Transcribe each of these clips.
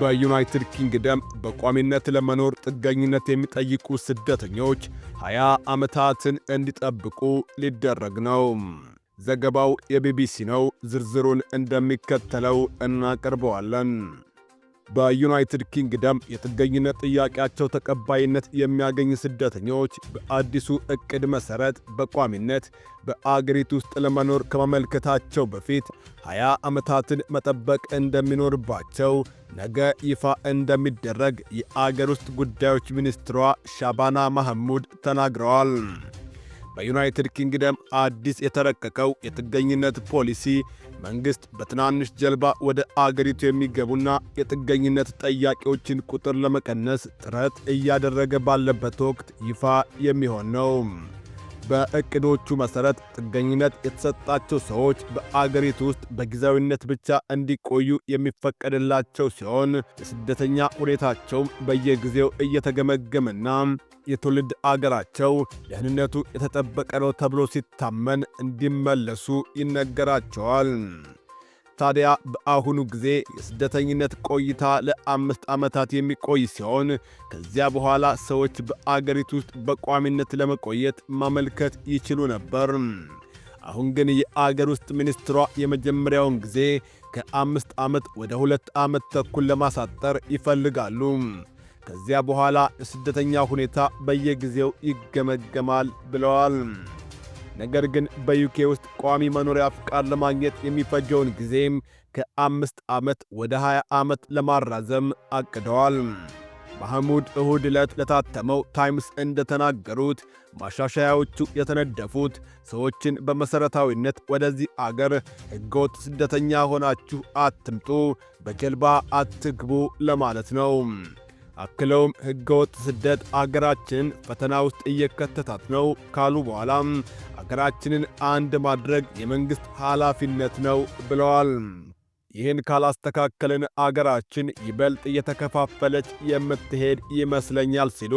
በዩናይትድ ኪንግደም በቋሚነት ለመኖር ጥገኝነት የሚጠይቁ ስደተኞች 20 ዓመታትን እንዲጠብቁ ሊደረግ ነው። ዘገባው የቢቢሲ ነው። ዝርዝሩን እንደሚከተለው እናቀርበዋለን። በዩናይትድ ኪንግደም የጥገኝነት ጥያቄያቸው ተቀባይነት የሚያገኝ ስደተኞች በአዲሱ ዕቅድ መሠረት በቋሚነት በአገሪቱ ውስጥ ለመኖር ከመመልከታቸው በፊት 20 ዓመታትን መጠበቅ እንደሚኖርባቸው ነገ ይፋ እንደሚደረግ የአገር ውስጥ ጉዳዮች ሚኒስትሯ ሻባና ማህሙድ ተናግረዋል። በዩናይትድ ኪንግደም አዲስ የተረቀቀው የጥገኝነት ፖሊሲ መንግሥት በትናንሽ ጀልባ ወደ አገሪቱ የሚገቡና የጥገኝነት ጠያቂዎችን ቁጥር ለመቀነስ ጥረት እያደረገ ባለበት ወቅት ይፋ የሚሆን ነው። በእቅዶቹ መሠረት ጥገኝነት የተሰጣቸው ሰዎች በአገሪቱ ውስጥ በጊዜያዊነት ብቻ እንዲቆዩ የሚፈቀድላቸው ሲሆን የስደተኛ ሁኔታቸውም በየጊዜው እየተገመገመና የትውልድ አገራቸው ደህንነቱ የተጠበቀ ነው ተብሎ ሲታመን እንዲመለሱ ይነገራቸዋል። ታዲያ በአሁኑ ጊዜ የስደተኝነት ቆይታ ለአምስት ዓመታት የሚቆይ ሲሆን ከዚያ በኋላ ሰዎች በአገሪቱ ውስጥ በቋሚነት ለመቆየት ማመልከት ይችሉ ነበር። አሁን ግን የአገር ውስጥ ሚኒስትሯ የመጀመሪያውን ጊዜ ከአምስት ዓመት ወደ ሁለት ዓመት ተኩል ለማሳጠር ይፈልጋሉ። ከዚያ በኋላ የስደተኛ ሁኔታ በየጊዜው ይገመገማል ብለዋል። ነገር ግን በዩኬ ውስጥ ቋሚ መኖሪያ ፍቃድ ለማግኘት የሚፈጀውን ጊዜም ከአምስት ዓመት ወደ 20 ዓመት ለማራዘም አቅደዋል። ማህሙድ እሁድ ዕለት ለታተመው ታይምስ እንደተናገሩት ማሻሻያዎቹ የተነደፉት ሰዎችን በመሠረታዊነት ወደዚህ አገር ሕገወጥ ስደተኛ ሆናችሁ አትምጡ፣ በጀልባ አትግቡ ለማለት ነው። አክለውም ህገወጥ ስደት አገራችንን ፈተና ውስጥ እየከተታት ነው ካሉ በኋላም አገራችንን አንድ ማድረግ የመንግሥት ኃላፊነት ነው ብለዋል። ይህን ካላስተካከልን አገራችን ይበልጥ እየተከፋፈለች የምትሄድ ይመስለኛል ሲሉ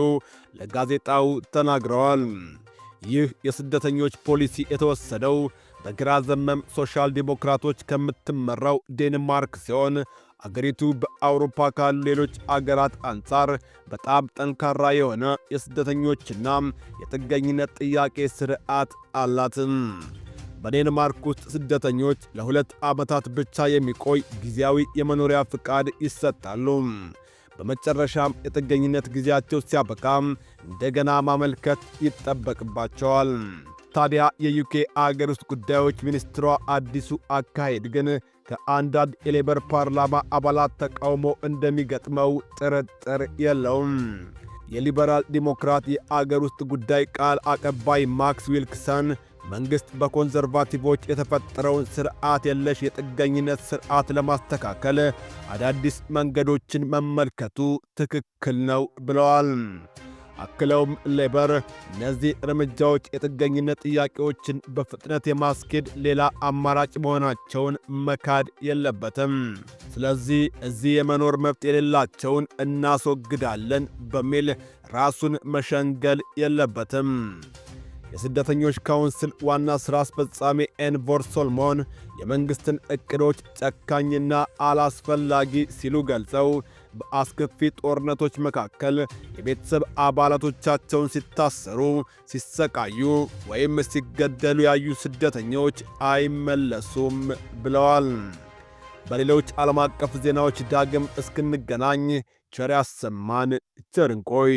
ለጋዜጣው ተናግረዋል። ይህ የስደተኞች ፖሊሲ የተወሰደው በግራ ዘመም ሶሻል ዲሞክራቶች ከምትመራው ዴንማርክ ሲሆን አገሪቱ በአውሮፓ ካሉ ሌሎች አገራት አንጻር በጣም ጠንካራ የሆነ የስደተኞችና የጥገኝነት ጥያቄ ስርዓት አላትም። በዴንማርክ ውስጥ ስደተኞች ለሁለት ዓመታት ብቻ የሚቆይ ጊዜያዊ የመኖሪያ ፍቃድ ይሰጣሉ። በመጨረሻም የጥገኝነት ጊዜያቸው ሲያበቃም እንደገና ማመልከት ይጠበቅባቸዋል። ታዲያ የዩኬ አገር ውስጥ ጉዳዮች ሚኒስትሯ አዲሱ አካሄድ ግን ከአንዳንድ የሌበር ፓርላማ አባላት ተቃውሞ እንደሚገጥመው ጥርጥር የለውም። የሊበራል ዲሞክራት የአገር ውስጥ ጉዳይ ቃል አቀባይ ማክስ ዊልክሰን መንግሥት በኮንዘርቫቲቮች የተፈጠረውን ሥርዓት የለሽ የጥገኝነት ሥርዓት ለማስተካከል አዳዲስ መንገዶችን መመልከቱ ትክክል ነው ብለዋል። አክለውም ሌበር እነዚህ እርምጃዎች የጥገኝነት ጥያቄዎችን በፍጥነት የማስኬድ ሌላ አማራጭ መሆናቸውን መካድ የለበትም። ስለዚህ እዚህ የመኖር መብት የሌላቸውን እናስወግዳለን በሚል ራሱን መሸንገል የለበትም። የስደተኞች ካውንስል ዋና ሥራ አስፈጻሚ ኤንቮር ሶልሞን የመንግሥትን ዕቅዶች ጨካኝና አላስፈላጊ ሲሉ ገልጸው በአስከፊ ጦርነቶች መካከል የቤተሰብ አባላቶቻቸውን ሲታሰሩ፣ ሲሰቃዩ ወይም ሲገደሉ ያዩ ስደተኞች አይመለሱም ብለዋል። በሌሎች ዓለም አቀፍ ዜናዎች ዳግም እስክንገናኝ ቸር ያሰማን። ቸርንቆይ